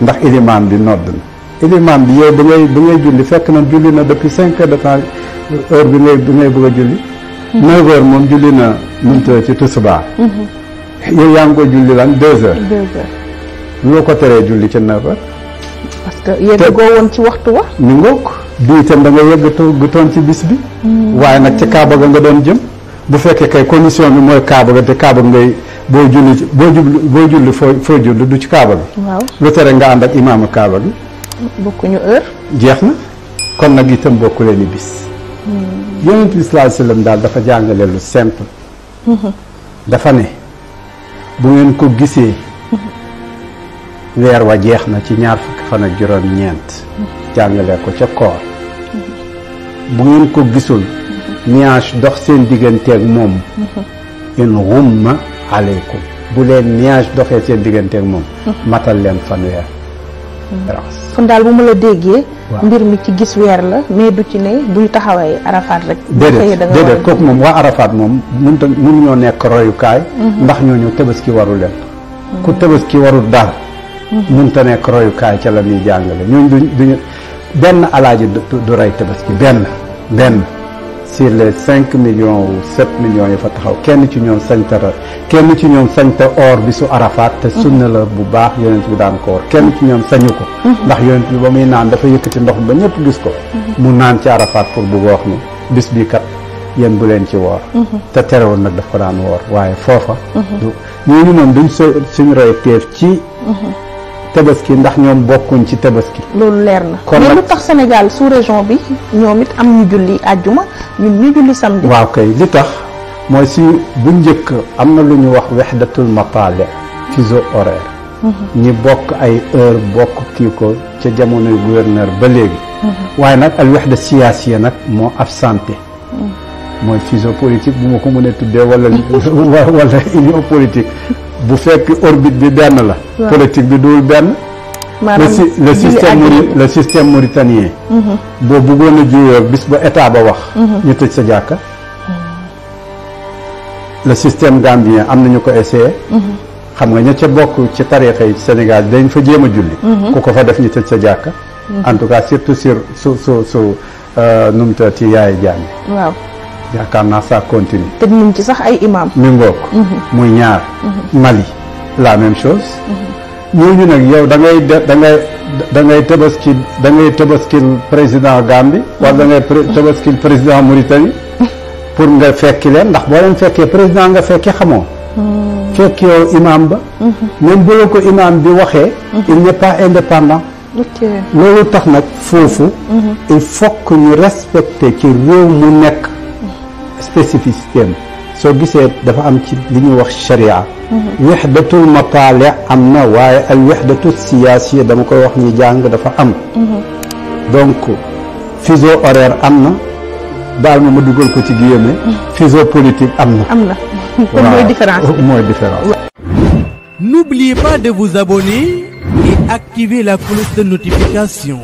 ndax ilimaan bi nodd na ilimaan bi yow bi ngay bi ngay julli fekk na julli na depuis cinq heures de temps heure bi ngay bi ngay bëgg a julli mhm. neuf heures moom julli na munta ci tusubaar mhm. yow yaa ngi ko julli lan deux heures deux heures loo ko teree julli ci neuf parce que yëggoo woon ci waxtu wa mi ngoog bii itam da nga yëggatoo gëtoon ci bis bi mhm. waaye nag ci kaaba ga nga doon jëm bu fekkee kay condition bi mooy kaaba ga te kaaba ngay boo julli boo boo julli foo foo julli du ci kaaba gi. waaw lu tere nga ànd ak imaamu kaaba gi. bokkuñu heure. jeex na kon nag itam bokku leen bis. Hmm. yonent bi sallallahu daal dafa jàngale lu simple. Hmm. dafa ne bu ngeen ko gisee. Hmm. weer wa jeex na ci ñaar fukki fan ak juróom-ñeent. jàngale ko ca koor. bu ngeen ko gisul. nuage dox seen digganteeg moom in rumma aleykum bu leen nuage doxee seen digganteeg moom matal leen fanweer kon daal bu ma la déggee mbir mi ci gis weer la mais du ci ne buy taxawee arafaat rek déedéet kooku moom waa arafaat moom mun ta mun ñoo nekk royukaay mhm. ndax ñooñu tabaski waru leen mhm. ku ki warul dara mun mhm. ta nekk royukaay ca la muy jàngale ñooñ duñ duñu benn alaaji du rey tabaski benn benn sur les cinq millions ou sept millions yi fa taxaw kenn ci ñoom sañta kenn ci ñoom sañta or bi su Arafat te sunna la bu baax yonent bi daan ko or kenn ci ñoom sañu ko mhm. ndax yonent bi ba muy naan dafa yëkkati ndox ba ñëpp gis ko mhm. mu naan ci Arafat pour bu wax ni bis bii kat yéen bu leen ci woor mhm. te terewoon nag daf ko daan woor waaye foofa ñooñu moom duñ so suñ roy teef ci تبسكي ندخ نيوم بوكون تي تبسكي لول ليرنا مي لو تخ سينيغال سو ريجون بي نيوميت ام ني جولي اديوما ني ني جولي سامدي واو كاي لي تخ موي سي بو نجهك امنا لو ني واخ وحده المطالع في زو اورير ني بوك اي اور بوك كيكو تي جامونو غوفرنور moy fusion politique bu ma ko mënee tuddee wala wala union politique bu fekk orbite bi ben la politique bi duul ben le système le système mauritanien mhm. boo bëggoon a jiwé bis ba état ba wax mhm. ñu tej sa jàkka le système gambien amna ñu ko essayé mhm. xam nga ña ca bokk ci tarixa yi Sénégal dañ fa jema julli ku ko fa def ñu tej sa jàkka en tout cas surtout sur sur sur euh numta ci yaay jani waaw yaakaar naa ça continue. te dinañ ci sax ay imam. mi ngoog. Mhm. muy ñaar. Mhm. Mali la même chose. Mhm. ñooñu nag yow da ngay da ngay da ngay tëbaski da ngay tëbaskil président Gambie. wala da ngay tëbaskil président Mauritanie. pour nga fekki leen ndax boo leen fekkee président nga fekki xamoo. Hmm. fekk yow imam ba. même bu ko imam bi waxee. il n'est pas indépendant. loolu tax nag foofu. il faut que ñu respecter ci réew mu nekk. spécificité So gisee dafa am ci li ñuy wax sharia mhm. wahdatul mataali am na waaye al wahdatu siyaasiya dama koy wax ñi jàng dafa am mhm. donc fuseau horaire am na baal ma ma dugal ko ci guillemets mhm. fuseau politique am na am na oh, mooy différence mooy différence n'oubliez pas de vous abonner et activer la cloche de notification